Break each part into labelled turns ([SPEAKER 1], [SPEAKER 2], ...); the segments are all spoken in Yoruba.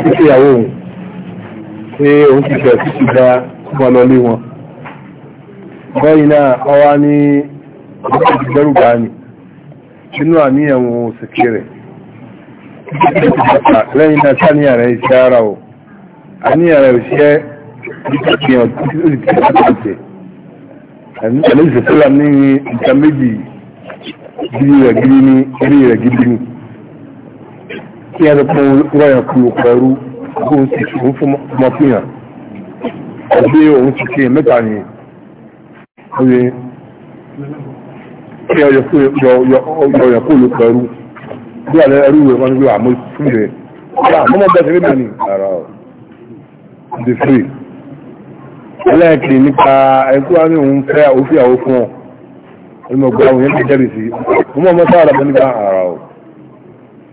[SPEAKER 1] àti ìyàwó òun pé òun ti bẹ̀rẹ̀ sí ìgbà wọn lọ lé wọn lẹ́yìn náà ọwá ní ọdún ìgbẹ́rùgbà ní inú àníyàn wọn ò sèké rẹ̀ lẹ́yìn náà sáníyàn rẹ̀ iṣẹ́ ara ò àníyàn rẹ̀ iṣẹ́ ìpìyàn tó ti tẹ̀lé ìṣẹ̀fẹ́lá ní nǹkan méjì gidi kí ẹ lọ́pọ̀ lọ́yàn kú pẹ̀lú kó o sì fún fún ọmọkùnrin ọ̀bí òun ti ṣe mẹ́ta ni oye kí ẹ yọ̀yàn kú lọ pẹ̀lú bí alẹ́ ẹrú rẹ̀ wọ́n ń lọ àmọ́ fún rẹ̀ ọ̀la mọ́mọ́ bẹ́ẹ̀ ṣe mẹ́ta ni ara the free ẹlẹ́ẹ̀kì nípa ẹkú wa ní òun fẹ́ òfin àwọn fún ọ ẹni mọ̀ gbọ́ àwọn yẹn ti jẹ́rìí sí ọmọ ọmọ sáà rẹ̀ nípa ara ọ̀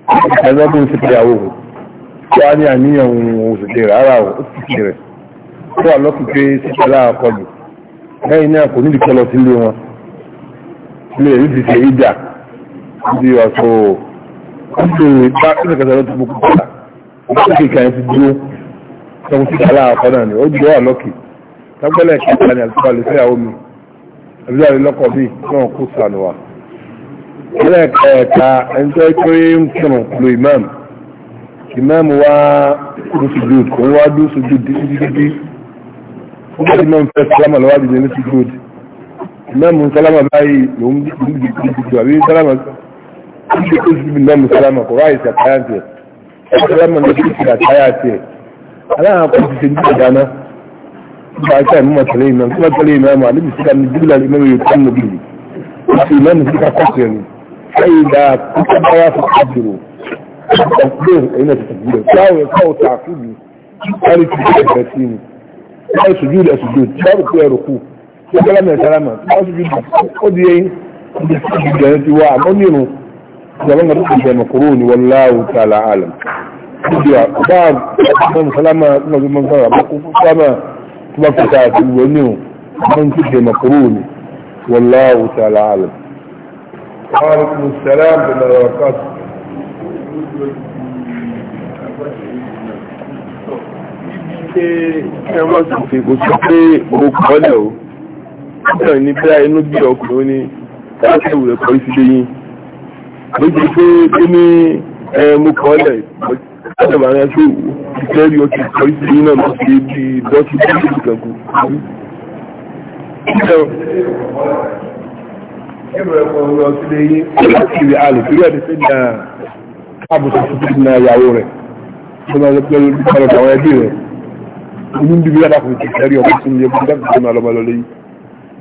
[SPEAKER 1] ẹgbẹ́gbẹ́ ti pẹ̀yàwó tí a ní àníyàn òṣèlè rárá ò ti rẹ̀ tó wà lọ́pù pé sípẹ́lá àkọlù lẹ́yìn náà kò nílùú kọlọ sílé wọn sílé èyí ti ṣe ìjà bí ọ̀sọ̀ ìṣòro bá ìrìnkẹta ló ti bú kúkúta ó ti kàn ti dúró tọ́kù sípẹ́lá àkọ́ náà ni ó jẹ́ wà lọ́kì tágbẹ́lẹ̀ kẹta ni àtúbà lè fẹ́yàwó mi àbúrò àlelọ́kọ̀ mi náà kó sànù wa ẹlẹ́ẹ̀kẹ́ẹ̀ka ẹni tó pé ń kírun lo imam imam wá dún sujud kò ń wá dún sujud dídídídí nígbà tí imam fẹ́ sálámà lọ́wọ́ dìde ní sujud imam sálámà báyìí ló ń dìde ní sujud àbí salama ń dìde ní sujud imam sálámà kò ráyè sí àkáyà tiẹ̀ sálámà ló ti sí àkáyà tiẹ̀ aláhàn kò ti ṣe ní ìdáná nígbà tí àìmọ́ mọ̀tẹ́lẹ́ imam tí wọ́n tẹ́lẹ̀ imam àdébìsí ká ní jùlọ imam yóò tán mọ̀ bìí àti imam sí ká فإذا كتبها فتقدروا التقدير هنا تقدير كاو يكاو تعقيبي قالت الثلاثين كاو سجود أسجود كاو كاو ركوع سلامة سلامة كاو سجود قد يين جنتي واع منينو زمان رسل زي مقرون والله تعالى عالم بعض من سلامة من سلامة سلامة تبقى تعالى ونينو من كده مقرون والله تعالى عالم وعليكم السلام ورحمة الله وبركاته ṣe wọ́n sì fi kò sí pé mo kọ́ lẹ̀ o ọ̀sán ní bí inú bí ọkùnrin ní láti ìwé ẹ̀kọ́ ìsìlẹ̀ yìí ló jẹ́ pé ó ní mo kọ́ lẹ̀ ọ̀sán máa ń yá sí ìfẹ́ rí ọkùnrin ẹ̀kọ́ ìsìlẹ̀ yìí náà máa bí dọ́tí bí ó ti kàn kú ẹ̀rọ ẹ̀kọ́ ọ̀rọ̀ sílé yé láti ìrìn àlè torí ẹ̀dẹ̀ sí ní àbùsọ̀ tuntun ní ìyàwó rẹ̀ tó máa lọ́pẹ́ lórí ọ̀rọ̀ àwọn ẹbí rẹ̀ inú bíbí adákùnrin ti kẹrí ọkọ̀ sí ilé bíbí dákùnrin tó máa lọ́mọ lọ́lé yìí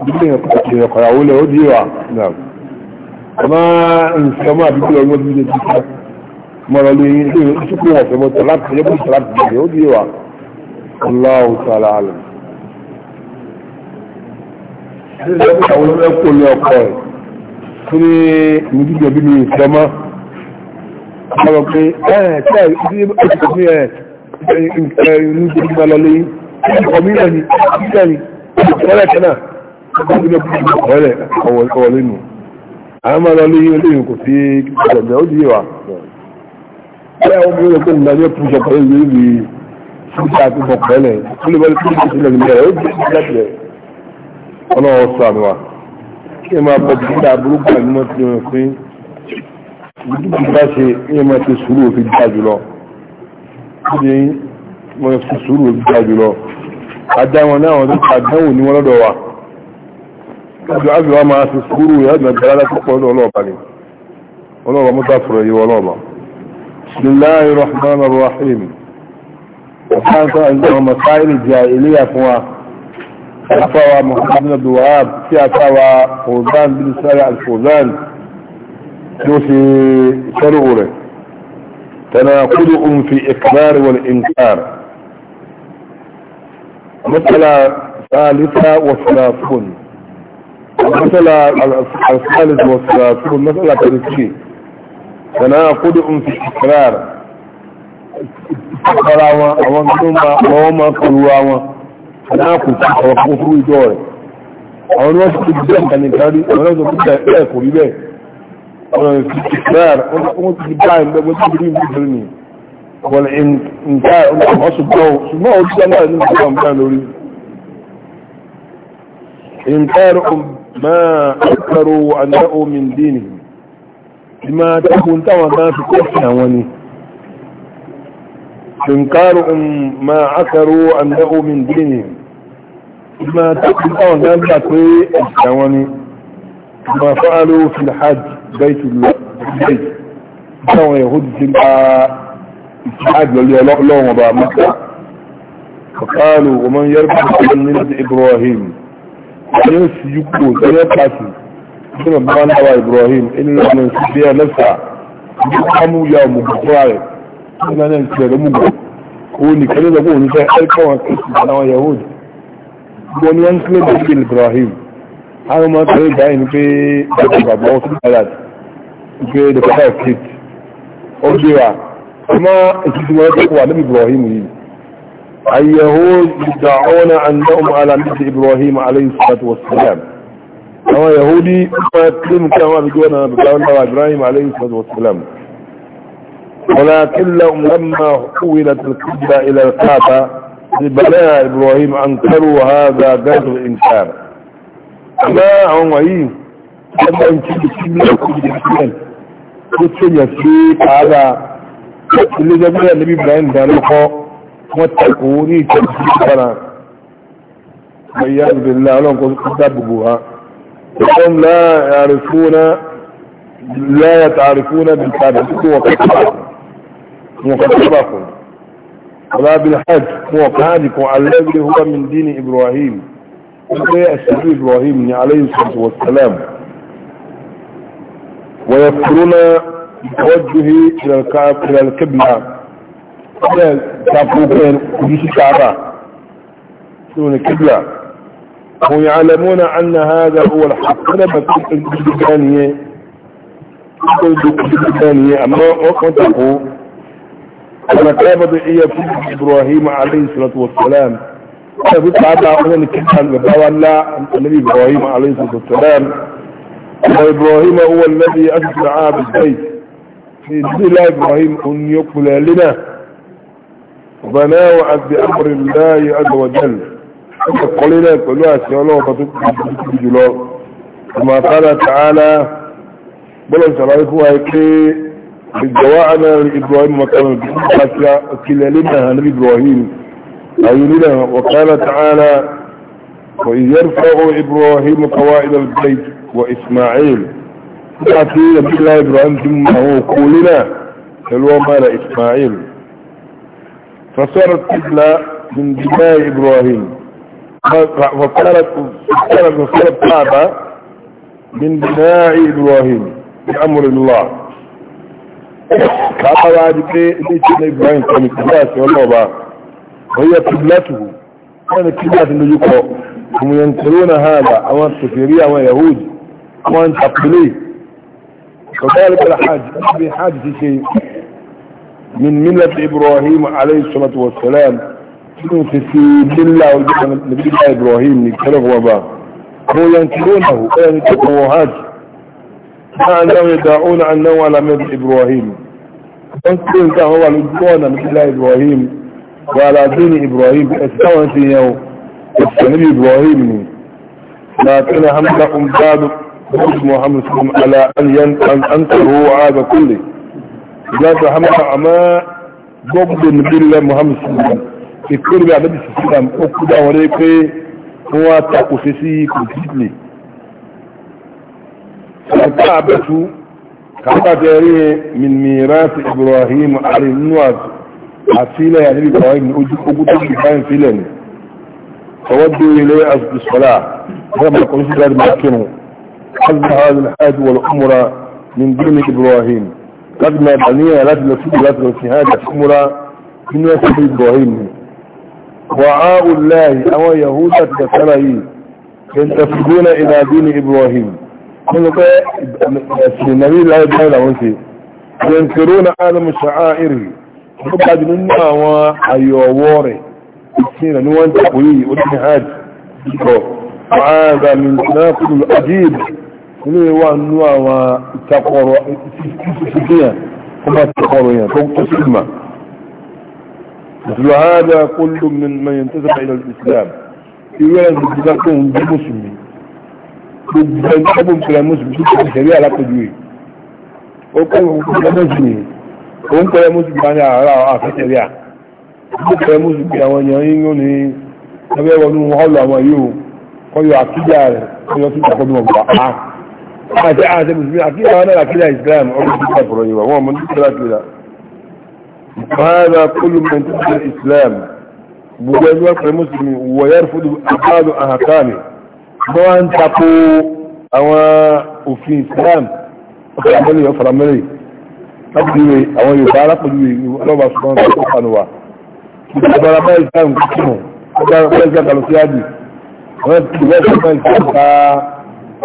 [SPEAKER 1] bíbí ẹ̀kọ́ àti ẹ̀kọ́ ìyàwó lẹ̀ ó díwà náà ọmọ nǹkan ọmọ àbíkú ọmọ bíbí lè ti sá mọ̀rọ̀ lé yìí lè tó pé wọ́n fẹ́mọ́ tọ́láti ẹ̀yẹ́ bó tọ́láti bíbí ó díwà Allahu ta'ala ìjọba ìyàwó tó ní ìmúdíjọ bí mi ìfẹ́ mọ́ ọmọ pé ẹ̀ẹ́ tí ẹ̀ tí ó ti pè ẹ̀ ìlú tó ti máa lọ léyìn ọkọ̀ mi náà ni ìjẹ́ ni ìjọ́lẹ̀ kan náà ọkọ̀ mi náà bí mi ọ̀rẹ́ ọwọ́ lẹ́nu àwọn máa lọ léyìn olóyìn kò sí ọ̀gbẹ̀ ó di wà ẹ̀ ọmọ mi náà pé nǹkan ní ẹ̀pù ìṣọ̀kọ̀ ìlú ìlú ìṣúta àti ìṣọ̀kọ̀ ẹ̀lẹ̀ kí ẹ máa bọ̀ dídá burúkú àti mọ́ ti rìn pín ìdúgbò bá ṣe kí ẹ máa ti sùúrù òfin dídá jùlọ kí ni mo fi sùúrù òfin dídá jùlọ ajá wọn náà wọn tó ta dánwò ní wọn lọ́dọ̀ wa kájọ ábí wa máa fi sùúrù yẹn àjọ ìgbàlá láti pọ̀ lọ́dọ̀ ọlọ́ọ̀bà ni ọlọ́ọ̀bà mo ta fọ̀rọ̀ yìí ọlọ́ọ̀bà bismillahir rahmanir rahim ọ̀sán tó ń gbọ́ ọmọ sáyẹ́lì jẹ́ ilé yà fún wa أتوى محمد الوهاب في أتوى فوزان بن سالع الفوزان نوسي شرغره تناقض في إقرار والإنكار مثلا ثالثة وثلاثون مثلا الثالث والثلاثون مثلا كالتشي تناقض في إقرار تقرأ وانتم وما قلوا náà kò sí ọ̀rọ̀ kan fún ìjọ rẹ̀ àwọn ni wọ́n ti fi bẹ́ẹ̀ nǹkan nìkan rí àwọn náà sọ fún bẹ́ẹ̀ kò rí bẹ́ẹ̀ ọ̀rọ̀ ti ti bẹ́ẹ̀ wọ́n ti fi báyìí bẹ́ẹ̀ wọ́n ti fi rí ìlú ìlú ni wọ́n nǹkan ọ̀rọ̀ ṣùgbọ́n ṣùgbọ́n ó ti dáná ní ìjọba nǹkan lórí. إنكار ما أكثروا أنه من دينه بما تكون توقع في كل ثواني إنكار ما عكروا أنه من دينهم ما تقلقوا جامعة في الشواني ما فعلوا في الحج بيت الله كانوا يهود في الحج لهم وبعد مكة فقالوا ومن يربع من إبراهيم يسجدوا سيبحثوا ثم بغنى إبراهيم إلا من سبيا نفسه يقاموا يا بفرائه ìgbà náà ti rẹ̀ múgbà òun nìkan ló lọ́gbọ́n òun fẹ́ ẹ́kọ́wọ̀n kristi àwọn yahudi gbọ́ ni wọ́n ń kílẹ̀ bí i ibrahim àwọn ọmọ tẹ̀lé ìdáyìn pé bàbá bàbá wọn tún padà pé the father of faith ó gbé wa ọmọ ìtìtì wọn tẹ́kọ̀ọ́ àdébí ibrahim yìí اليهود يدعون أنهم على مثل إبراهيم عليه الصلاة والسلام هو يهودي ما يتلم كما بجوانا بجوانا إبراهيم عليه الصلاة والسلام ولكن لهم لما حولت القبلة إلى الكعبة بناء إبراهيم أنكروا هذا قدر الإنكار ما هم أيه كما يمكن القبلة كبيرة كتن يسيك هذا اللي جميع النبي إبراهيم دانوخه واتقوني تبسيطنا وإياذ بالله لهم قد تبقوها وهم لا يعرفون لا يتعرفون بالكعبة وقت وكتبكم ولا بالحج هو كهادكم الذي هو من دين إبراهيم السبيل إبراهيم عليه الصلاة والسلام ويذكرون بتوجه إلى الكعب إلى الكبلة قبل تابوكين قدس الكعبة شنو الكبلة ويعلمون أن هذا هو الحق أنا بكل البلدانية كل البلدانية أما وقتكم أنا ونتابع إيا في إبراهيم عليه الصلاة والسلام في صحابة أولا نكتب بقوى الله النبي إبراهيم عليه الصلاة والسلام إبراهيم هو الذي أسرع بالبيت بإذن الله إبراهيم أن يقبل لنا بناه بأمر الله عز وجل قلنا كلها سيولوه فتبقى بجلال كما قال تعالى بلن شرائفها يكي بالجواعنا لإبراهيم مكانا كلالنا نبي إبراهيم أيوننا وقال تعالى وإذ يرفع إبراهيم قواعد البيت وإسماعيل تعطينا الله إبراهيم ثم هو قولنا فلو مال إسماعيل فصارت قبلة من دماء إبراهيم فصارت فصارت فصارت كعبة من دماء إبراهيم بأمر الله káàkiri pé ilé tí ní ibrahim kọmi kílá sí ọlọ́ọ̀bá wọ́yẹ kíblátùhù wọ́n kílá sí lójú kọ òmìnira kúrò náà hàdà àwọn sòfèrí àwọn yahood wọ́n tàpílé kọ̀dáyàrí pẹ̀lú hajj bí hajj ti ṣe min millat ibrahim alayhi salatu wa salam sínú ti fi lílà ojú kan nàbílá ibrahim ní kẹlẹ́kọ̀ọ́ bá wọ́n yankúrò náà wọ́n yẹn tó kọ̀wọ́ hajj كانوا يدعون أنه على مذهب إبراهيم فانسكين هو الإبراهيم من الله إبراهيم وعلى دين إبراهيم استوى فيه السنبي إبراهيم لكن هم لكم باب محمد صلى على أن أنتروا هذا كله لا تحمل أما ضد النبي الله محمد صلى الله عليه وسلم يكون بعد النبي أكد أوليك هو تقسيسي كنتيتني الكعبة كعبة تاريه من ميراث إبراهيم علي النواز عسيلة يعني بإبراهيم أجل أبوتك بحاين فيلين يعني. فودوا إلي أصد الصلاة كما قلت لك مكنه حزب هذا الحاج والأمر من دين إبراهيم قد ما بنيها لك نسيب لك نسيهاد الأمر من نسيب إبراهيم وعاء الله أو يهودة تسره ينتفضون إلى دين إبراهيم ينكرون عالم شعائره وقد من هو ايو ووري اتنين نوان تقوي ودن هاد وعاد من تناقض الأجيب اللي هو النوا تقور سيسكية وما تقور هنا فوق تسلمة مثل هذا كل من من ينتسب الى الاسلام يوين بذلكم بمسلمين gbogbo ẹgbẹ́ ọgbọ̀n pẹ̀lú mùsùlùmí tó ti ṣẹ̀rí alápẹ̀jù rẹ̀ ó kọ́ ìwọ̀n mùsùlùmí ó ń pẹ̀lú mùsùlùmí bá ní àárá àfẹ́sẹ̀rí à ó pẹ̀lú mùsùlùmí àwọn èèyàn yín ní ẹgbẹ́ wọnú ọlọ àwọn yóò kọyọ àkídà rẹ̀ kọyọ tó takọ́ ní ọgbà á àti àti mùsùlùmí àkídà wọn náà àkídà Islam ọdún tó sàkọrọ yìí wọn mọ ní kíkọlá kíkọlá هذا كل من تدخل الإسلام بوجود مسلم ويرفض أحد أحكامه wọ́n ń tako àwọn òfin Islam ọ̀fàmẹ́lẹ̀ ọ̀fàmẹ́lẹ̀ lápẹ̀lẹ̀ àwọn Yorùbá alápẹ̀lẹ̀ ọlọ́ba ṣùgbọ́n tó kọ̀ọ̀kan wà ìjọba bá Islam kúkúmù ọjọ́ Islam kàlọ́ sí àdì wọ́n ti wọ́n ti fún Islam ká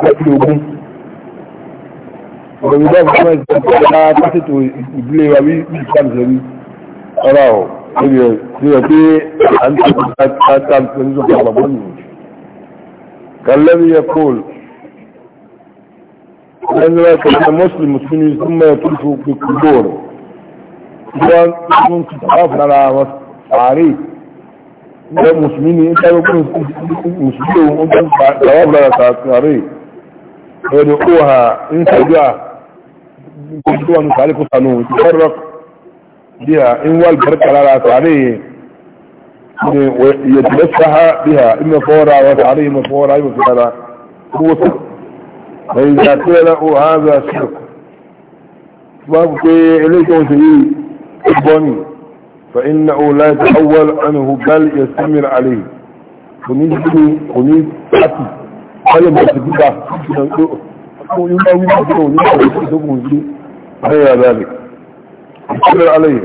[SPEAKER 1] lọ́pẹ̀ ogun ọ̀rọ̀ Yorùbá fún Islam ká pásítọ̀ ìdílé wa wí Islam فالذي يقول لأن لا كان مسلم مسلم ثم يتلف بكبور وان يكون تتعافنا على تعريف ده مسلمين انت يكون مسلمين وانت تتعافنا على تعريف يدعوها انت جاء كنتوا نسالك صنوه تفرق بها ان والبركة على تعريف يتمسح بها إما فورا وتعليه مفورا إما فورا هو شرك فإذا قيل له هذا شرك وابقي إليك إيه؟ وسيئي فإنه لا يتحول عنه بل يستمر عليه ونجد ونجد حتي
[SPEAKER 2] قال ما تبقى
[SPEAKER 1] ويقوم يقوم يقوم غير ذلك يستمر عليه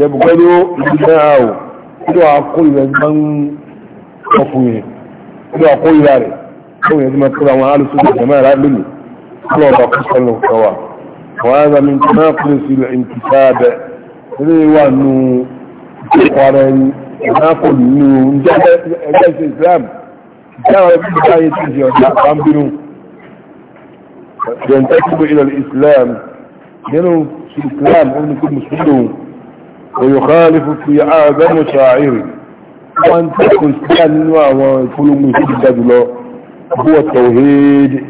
[SPEAKER 1] يبغض ابناءه ìlú àkóyè máa ń ọkùnrin ìlú àkóyè rẹ̀ fún ìyẹn tí máa tóra àwọn alùsùn ìjọba ìrà lónìí
[SPEAKER 2] fún ọba kọsọlọ kọwà
[SPEAKER 1] àwọn ará mi tó máa kúrò sí ilẹ̀ ìtìsá abẹ ilé wà nù ìkọ̀ ara ẹni ìmá ويخالف في عادم شاعر وان تكون سنوا وفلوم يسجد له هو التوحيد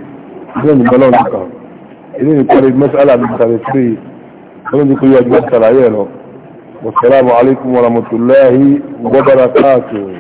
[SPEAKER 1] من بلون كان إذن يقول المسألة من ثلاثين فلن يقول يجب أن والسلام عليكم ورحمة الله وبركاته